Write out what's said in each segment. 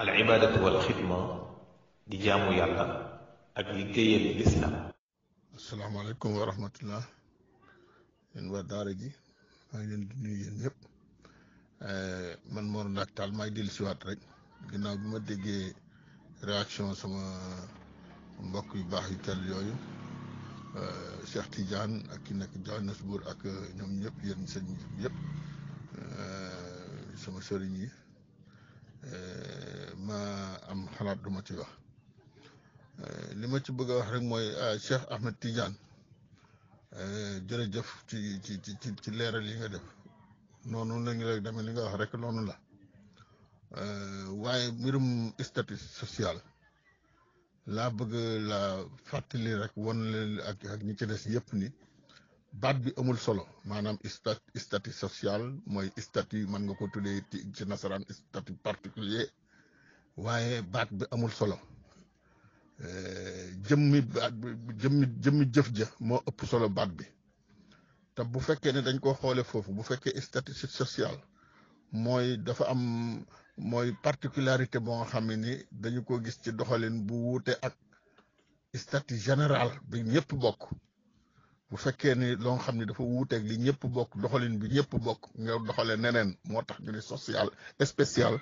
al ibaadatu wal xidma di jaamu yàlla ak liggéeyal lislaam asalaamaaleykum wa rahmatullah yéen waa daara ji maa ngi leen di nuyu yéen ñëpp eh, man Mor Ndak siwaat rek ginnaaw bu ma déggee réaction sama mbokk yu baax yu tel yooyu eh, Cheikh Tidiane ak ki nekk Johannesburg ak ñoom ñëpp yéen sëñ yëpp eh, sama ma am xalaat du ma ci wax li ma ci bëgg a wax rek mooy ah, Cheikh Ahmed Tidiane eh, jërëjëf ci ci ci ci leeral yi nga def noonu la ñu lay demee li wax rek noonu la eh, waaye mbirum statut social laa bëgg laa fàttali rek wan le ak ak ñi ci des yëpp ni baat bi amul solo maanaam stat statut social mooy statut mën nga ko tuddee ci ci nasaraan statut particulier waaye baat bi amul solo eh, jëmmi baat bi jëmmi jëf ja moo ëpp solo baat bi te bu fekkee ne dañ ko xoole foofu bu fekkee statut social mooy dafa am mooy particularité bo nga xam ne ni dañu ko gis ci doxalin bu wuute ak statut général bi ñëpp bokk bu fekkee ni loo xam ne dafa wuuteeg li ñëpp bokk doxalin bi ñëpp bokk nga doxale neneen moo tax ñu ne social spécial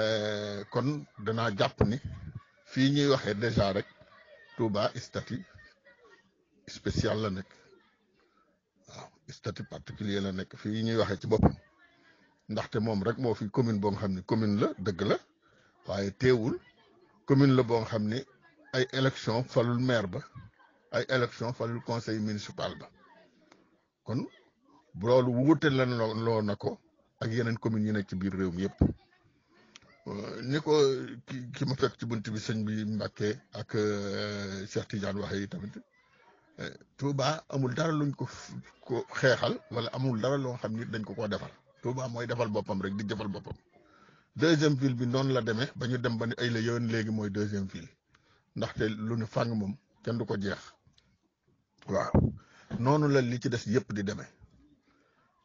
euh, kon danaa jàpp ni fii ñuy waxee déjà rek Touba statut spécial la nekk waaw statut particulier la nekk fii ñuy waxee ci boppam ndaxte moom rek moo fi commune boo xam ne commune la dëgg la waaye teewul commune la boo xam ne ay élection falul maire ba ay élection falul conseil municipal ba kon loolu wuute lan loo na ko ak yeneen communes yi nekk ci biir réew mi yëpp euh, ni ko ki ki ma fekk ci bunt bi bi Mbàkke ak euh, Cheikh Tidiane waxee yi tamit euh, Touba amul dara luñ ko ko xeexal wala amul dara loo xam ni dañ ko koo defal Touba mooy defal boppam rek di jëfal boppam deuxième ville bi noonu la demee ba ñu dem ba ni ay la yoon léegi mooy deuxième ville ndaxte lu nu fàng moom kenn du ko jeex waaw noonu la li ci des yëpp di deme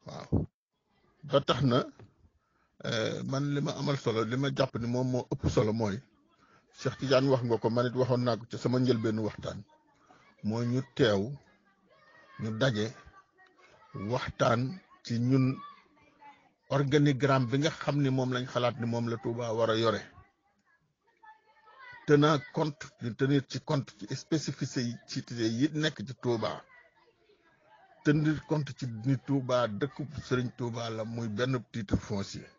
waaw ba tax na euh, man li ma amal solo li ma jàpp ni moom moo ëpp solo mooy Cheikh Tidiane wax nga ko man waxoon naa ko sama njëlbeenu waxtaan moo ñu teew ñu daje waxtaan ci ñun organigramme bi nga xam ni moom lañ xalaat ni moom la Touba war a yore. tenant compte de ci compte ci yi nekk ci Touba tenir compte ci ni Touba dëkkub sëriñ Touba la muy benn titre foncier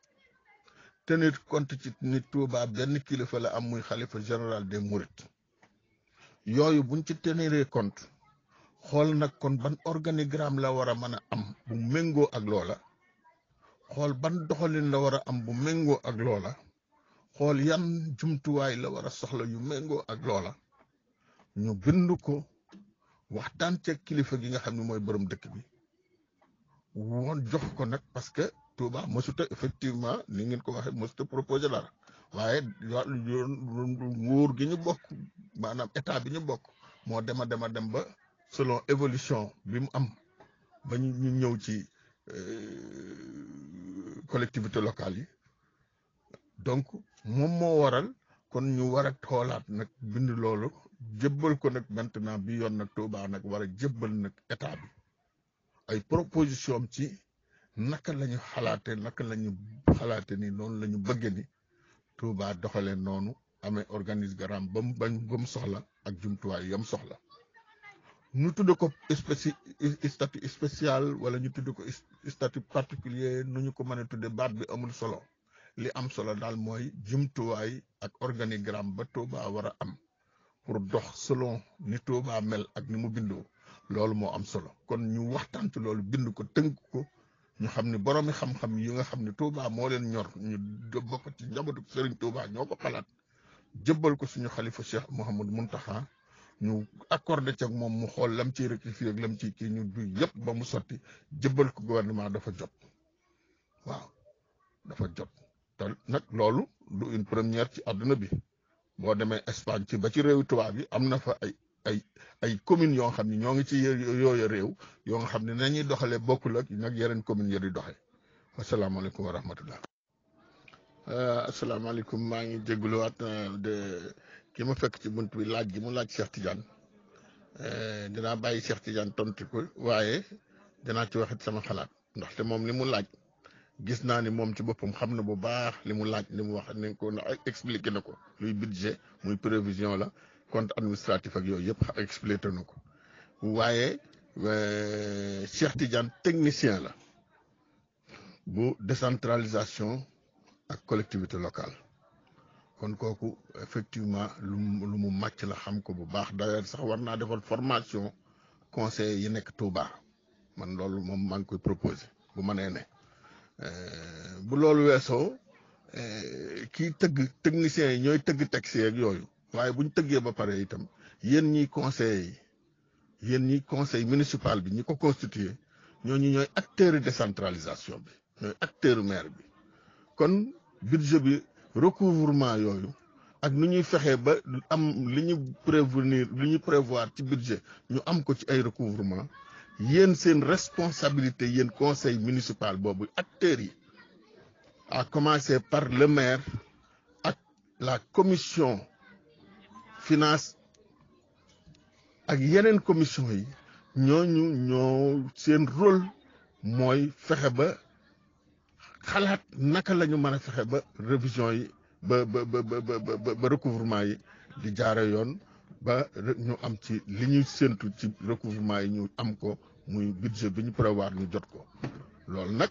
tenir compte ci ni Touba benn kilifa la am muy xalifa général de Mourides yooyu buñ ci teniree compte xool nag kon ban organigram la war a mën a am bu méngoo ak loola xool ban doxalin la war a am bu méngoo ak loola. xool yan jumtuwaay la war a soxla yu méngoo ak loola ñu bind ko waxtaan ceeg kilifa gi nga xam ne mooy borom dëkk bi woon jox ko nag parce que Touba mësuta effectivement ni ngeen ko waxee mësuta proposé dara waaye nguur gi ñu bokk maanaam état bi ñu bokk moo dema dema dem ba selon évolution bi mu am ba ñu ñëw ci euh, collectivité locale yi donc moom moo waral kon ñu war a toolaat nag bind loolu jébbal ko nag maintenant bi yoon nag Touba nag war a jébbal nag état bi ay proposition am ci naka lañu ñu xalaatee naka la ñu ni noonu la ñu bëgg ni Touba doxalee noonu amee organigramme ba mu bañ ba soxla ak jumtuwaay yam soxla ñu tudd ko spéci statut spécial wala ñu tudde ko statut particulier nu ñu ko mën a tuddee baat bi amul solo. li am solo daal mooy jumtuwaay ak organigramme ba Touba war a am pour dox selon ni tooba mel ak ni mu bindoo loolu moo am solo kon ñu waxtaan ci loolu bind ko tënk ko ñu xam ni boroomi xam-xam yi nga xam ni Touba moo leen ñor ñu bokk ci njabatu Serigne Touba ñoo ko xalaat jëbal ko suñu xalifa Cheikh Mouhamad muntaxa ñu accordé ci moom mu xool lam ciy rectifié ak lam ci kii ñu du yëpp ba mu sotti jëbal ko gouvernement dafa jot waaw dafa jot. te nag loolu du une première ci àdduna bi boo demee Espagne ci ba ci réew tubaab yi am na fa ay ay ay communes yoo xam ne ñoo ngi ci yooyu réew yoo nga xam ne nañuy doxalee bokkul ak nag yeneen communes yi di doxee asalaamaaleykum wa rahmatullah. Euh, asalaamaaleykum maa ngi jégaluwaat euh, de ki fekk ci bunt bi laaj gi mu laaj seex Cheikh Tidiane euh, dinaa bàyyi Cheikh Tidiane tontu ko waaye dinaa ci waxit sama xalaat ndaxte moom li mu laaj. gis naa ni moom ci boppam xam na bu baax li mu laaj li mu wax ni ko expliqué na ko luy budget muy prévision la compte administratif ak yooyu yëpp expliqué na ko waaye euh, Cheikh Tidiane technicien la bu décentralisation ak collectivité locale kon kooku effectivement lu mu lu mu màcc la xam ko bu baax d'ailleurs sax war naa defal formation conseil yi nekk Touba man loolu moom maa ngi koy proposé bu ma nee ne Eh, bu loolu weesoo eh, kii tëgg techniciens yi ñooy tëgg texte ak yooyu waaye bu ñu tëggee ba pare itam yéen ñiy conseil yi yéen ñiy conseil municipal bi ñi ko constitué ñooñu ñooy acteur décentralisation bi ñooy acteur maire bi kon budget bi recouvrement yooyu ak nu ñuy fexee ba am li ñu prévenir li ñu prévoir ci budget ñu am ko ci ay recouvrement yéen seen responsabilité yéen conseil municipal boobu ak acteurs yi à commencer par le maire ak la commission finance ak yeneen commission yi ñooñu ñoo seen rôle mooy fexe ba xalaat naka la ñu mën a fexe ba révision yi ba ba ba ba ba yi di jaare yoon ba ñu am ci li ñuy séntu ci recouvrement yi ñu am ko muy budget bi ñu prévoir ñu jot ko lool nag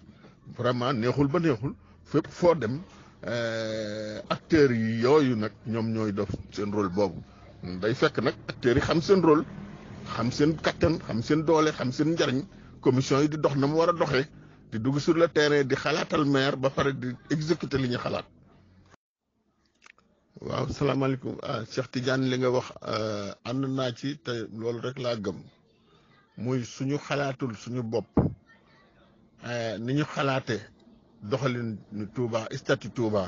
vraiment neexul ba neexul fépp foo dem euh, acteurs yi yooyu nag ñoom ñooy def seen rôle boobu day fekk nag acteurs yi xam seen rôle xam seen kattan xam seen doole xam seen njariñ commission yi di dox na mu war a doxee di dugg sur le terrain di xalaatal maire ba pare di exécuter li ñu xalaat. waaw salaamaaleykum ah Cheikh Tidiane li nga wax euh, ànd naa ci te loolu rek laa gëm. muy suñu xalaatul suñu bopp eh, ni ñu xalaate doxalin Touba statut Touba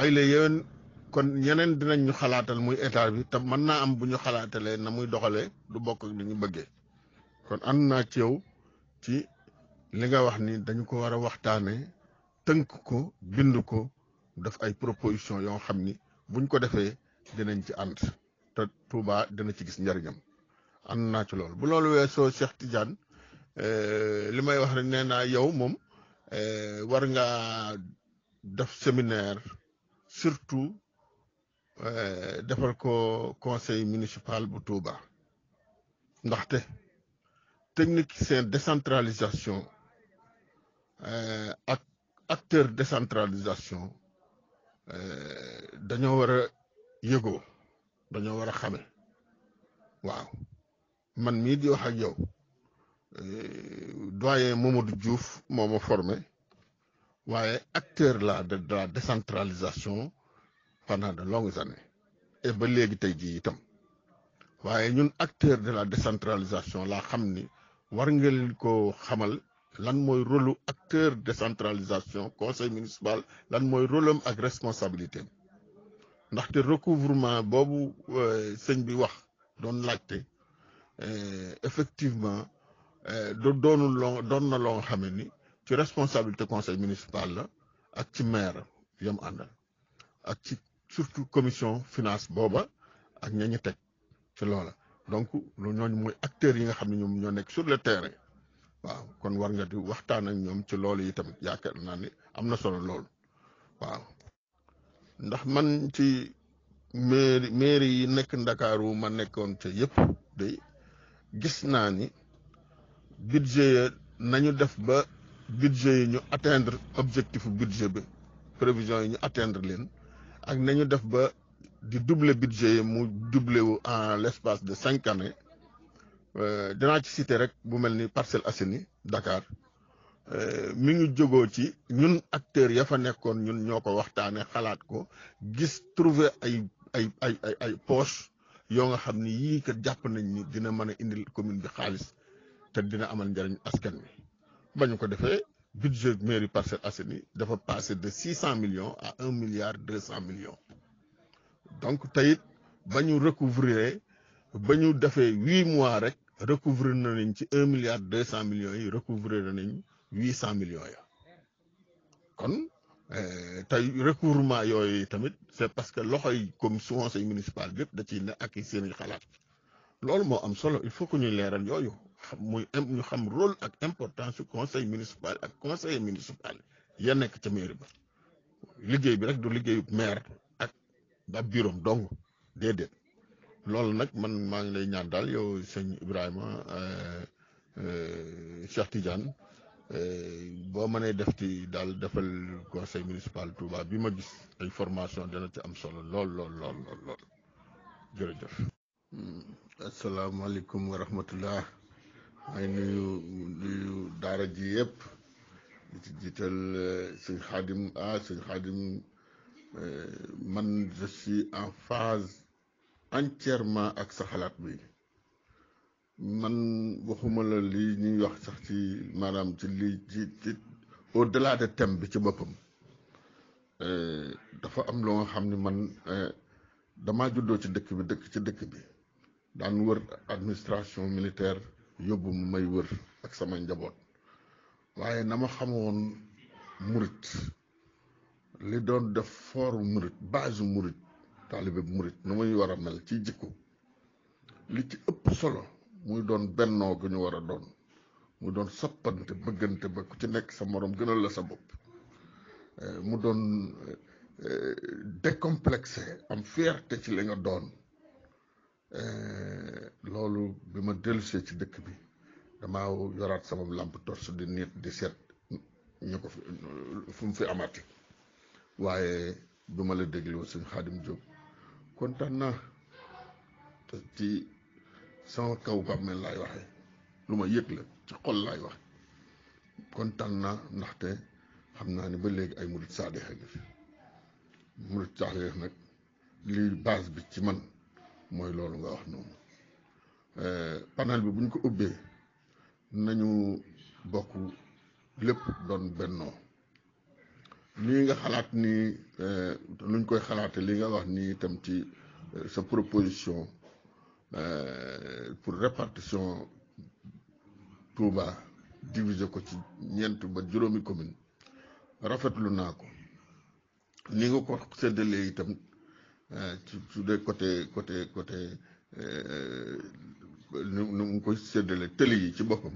ay la yéen kon ñeneen dinañ ñu xalaatal muy état bi te mën naa am bu ñu xalaatalee na muy doxalee du bokk ni ñu bëggee kon ànd naa ci yow ci li nga wax ni dañu ko war a waxtaanee tënk ko bind ko def ay proposition yoo xam ni buñ ko defee dinañ ci ànd te Touba dina ci gis njariñam ànd naa ci loolu bu loolu weesoo Cheikh Tidiane eh, li may wax rek nee naa yow moom eh, war ngaa def séminaire surtout eh, defal ko conseil municipal bu Touba ndaxte technicien décentralisation ak acteur décentralisation dañoo war a yëgoo dañoo war a xame waaw man mii di wax ak yow eh, doyen Mamadou Diouf moo ma formé waaye acteur la de la décentralisation pendant de longues années et ba léegi tey jii itam waaye ñun acteur de la décentralisation la xam ni war nga leen ko xamal lan mooy rôlu acteur décentralisation conseil municipal lan mooy rôlam ak responsabilité ndaxte recouvrement boobu eh, sëñ bi wax doon laajte Euh, effectivement euh, do doonul loo doon na loo nga xamee ni ci responsabilité conseil municipal la ak ci maire yam àndal ak ci surtout commission finance booba ak ña ñu teg ci loola donc lu ñooñu mooy acteurs yi nga xam ne ñoom ñoo nekk sur le terrain waaw kon war nga di waxtaan ak ñoom ci loolu yi tamit yaakaar naa ni am na solo lool waaw ndax man ci mairie mairie yi nekk ndakaaru ma nekkoon ca yëpp day gis naa ni budget nañu def ba budget yi ñu atteindre objectif budget bi prévision yi ñu atteindre leen ak na ñu def ba di duble budget yi mu doubler wu en l'espace de cinq années euh, dinaa ci citer rek bu mel ni Parcelles Assainies Dakar euh, mu ngi jógoo ci ñun acteurs ya fa nekkoon ñun ñoo ko waxtaanee xalaat ko gis trouver ay ay ay ay ay poche yoo nga xam ni yii kat jàpp nañ ni dina mën a indil commune bi xaalis te dina amal njariñ askan wi ba ñu ko defee budget mairie Parcelles Assainies dafa passé de six cent million à un milliard deux cent millions donc teyit ba ñu recouvrer ba ñu defee huit mois rek recouvrer na nañ ci un milliard deux cent millions yi recouvrer na nañ huit cent millions ya Euh, tey recouvrement yooyu tamit c'est parce que loxo yi comme su conseil municipal bépp da ciy ne ak seen i xalaat loolu moo am solo il faut que ñu leeral yooyu xam muy ñu xam rôle ak important su conseil municipal ak conseiller municipal ya nekk ca mairie ba liggéey bi rek du liggéeyu maire ak ab bureau dong déedéet loolu nag man maa ngi lay ñaan daal yow sëñ Ibrahima euh, euh, Cheikh Tidiane. Euh, boo mënee def ci daal defal conseil municipal Touba bi ma gis ay formation dana ci am solo lool lool lool lool lool jërëjëf. Hmm. asalaamaaleykum wa rahmatullah may nuyu daara ji yëpp di ci jiital eh, sëñ xaadim ah sëñ xaadim eh, man je en phase entièrement ak sa xalaat bi. man waxuma la lii ñuy wax sax ci maanaam ci lii ci ci au delà thème bi ci boppam euh, dafa am loo nga xam ni man euh, damaa juddoo ci dëkk bi dëkk ci dëkk bi daan wër administration militaire yóbbu may wër ak sama njaboot waaye na ma xamoon murit li doon def fooru murit base murit taalibe murit nu muy war a mel ci jikko li ci ëpp solo muy doon bennoo gu ñu war a doon mu doon soppante bëggante ba ku ci nekk sa moroom gënal la sa bopp eh, mu doon eh, décomplexé am fierté ci li nga doon eh, loolu bi ma dellusee ci dëkk bi dama yoraat sama làmp tors di nit di seet ñu ko fi fu fi amati waaye bi ma la dégloo suñ Xaadim Jóob kontaan naa sama kaw bàmmeel laay waxe lu ma yëg la ci xol laay waxe kontaan naa ndaxte xam naa ni ba léegi ay murit saadexe nga fi murit saadexe nag lii base bi ci man mooy loolu nga wax noonu eh, panel bi bu ñu ko ubbee nañu bokk lépp doon bennoo lii nga xalaat nii eh, luñ koy xalaate li nga wax nii itam ci eh, sa proposition Euh, pour répartition Touba divisé ko ci ñeent ba juróomi commune rafetlu naa ko ni nga ko séddalee itam euh, ci su dee côté côté côté euh, nu nu mu koy séddalee tëli yi ci boppam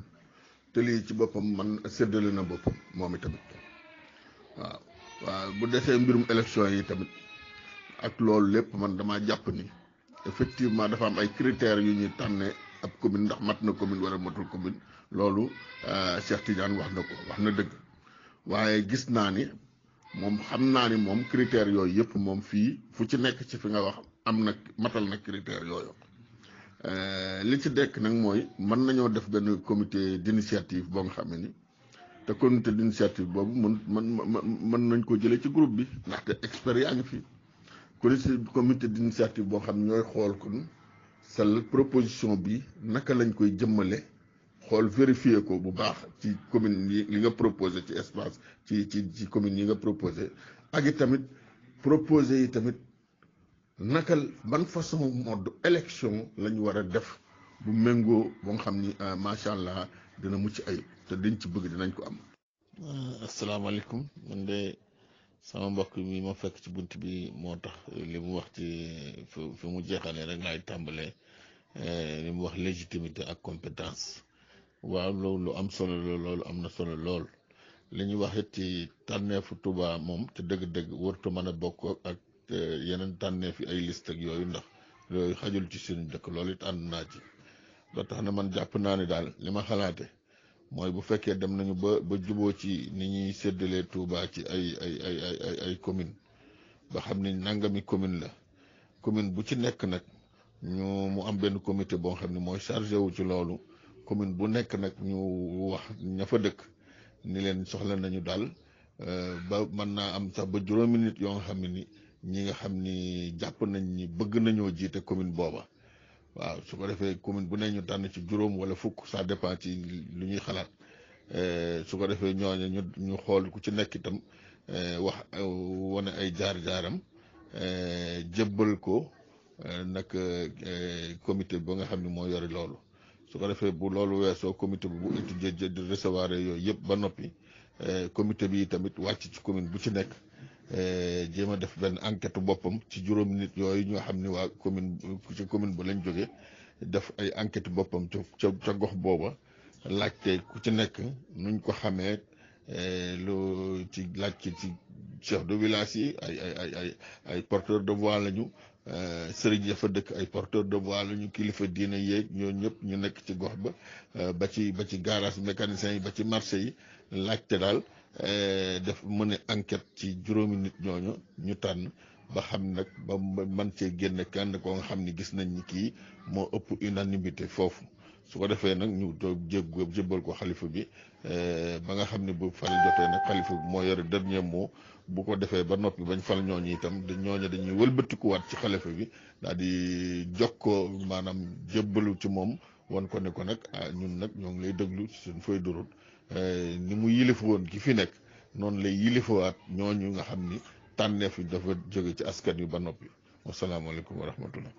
tëli yi ci boppam man séddale na boppam moom itamit waaw waaw bu defee mbirum élection yi tamit ak loolu lépp man damaa jàpp ni. effectivement dafa am ay critères yu ñuy tànne ab commune ndax mat na commune wala matul commune loolu euh, Cheikh Tidiane wax na ko wax na dëgg waaye gis naa ni moom xam naa ni moom critères yooyu yëpp moom fii fu ci nekk ci fi nga wax am na matal na critères yooyu euh, li ci dekk nag mooy mën nañoo def benn comité d'initiative boo nga xam ne ni te comité d'initiative boobu mën mën mën nañ ko jëlee ci groupe bi ndaxte experts yaa ngi fi. comité comité d'initiative boo xam ne ñooy xool kon sal proposition bi naka lañ koy jëmmale xool vérifier ko bu baax ci commune yi li nga proposé ci espace ci ci ci commune yi nga proposé ak i tamit proposé yi tamit naka ban façon mode élection la ñu war a def bu méngoo ba xam ni euh, macha allah dina mucc ay te dañ ci bëgg dinañ ko am. Euh, asalaamaaleykum man de. sama mbokk mi ma fekk ci bunt bi moo tax li mu wax ci fi mu jeexalee rek laay tàmbale eh, li mu wax légitimité ak compétence waaw loolu lu am solo loolu am na solo lool li ñu wax it ci fu tubaa moom te dëgg-dëgg wartu mën a bokk ak eh, yeneen tànneef fi ay list ak yooyu ndax yooyu xajul ci suñu dëkk loolu it ànd naa ci loo tax na man jàpp naa ni daal li ma xalaate mooy bu fekkee dem nañu ba ba juboo ci ni ñuy seddalee Touba ci ay ay ay ay ay commune ba xam ni nangami commune la commune bu ci nekk nag ñu mu am benn comité boo xam ne mooy chargé wu ci loolu commune bu nekk nag ñu wax ña fa dëkk ni leen soxla nañu daal euh, ba mën naa am sax ba juróomi nit yoo nga xam ne ni ñi nga xam ni jàpp nañ ni bëgg nañoo jiite commune booba waaw su ko defee commune bu nee ñu tànn ci juróom wala fukk ça dépend ci lu ñuy xalaat euh, su ko defee ñooñu ñu ñu xool ku ci nekk itam euh, wax euh, wane ay jaar-jaaram jébbal ko nag comité ba nga xam ne moo yore loolu su ko defee bu loolu soo comité bu étudier di recevoir yooyu yëpp ba noppi comité bi tamit wàcc ci commune bu ci nekk. Eh, jéem a def benn enquête boppam ci juróom nit yooyu ñoo xam ni waa commune ci commune ba lañ jóge def ay enquête boppam ca ca gox booba laajte ku ci nekk nuñ ko xamee eh, lu ci laajte ci chef de village yi ay ay ay ay porteur de voix lañu eh, sëriñ ya fa dëkk ay porteur de voix lañu kilifa diine yéeg ñoo ñëpp ñu nekk ci gox ba ba ci ba ci garage mécanicien yi ba ci marché yi laajte daal. Euh, def mu ne enquête ci juróomi nit ñooñu ñu tànn ba xam nag ba man cee génn kenn nga xam ni gis nañ kii moo ëpp unanimité foofu su ko defee nag ñu jég jëbbal ko xalifa bi euh, ba nga xam ne bu fal jotee nag moo yore dernier mot bu ko defee ba noppi bañ fal ñooñu itam da ñooñu dañuy wëlbatikuwaat ci xalifa bi daal di jokkoo maanaam jébbalu ci moom wan ko ne ko nag ah ñun nag ñoo ngi lay déglu ci suñ feuille de Euh, ni mu yilifu woon ki fi nekk noonu lay yilifuwaat ñooñu nga xam ni tànneef yi dafa jóge ci askan wi ba noppi wasalaamaaleykum wa rahmatullah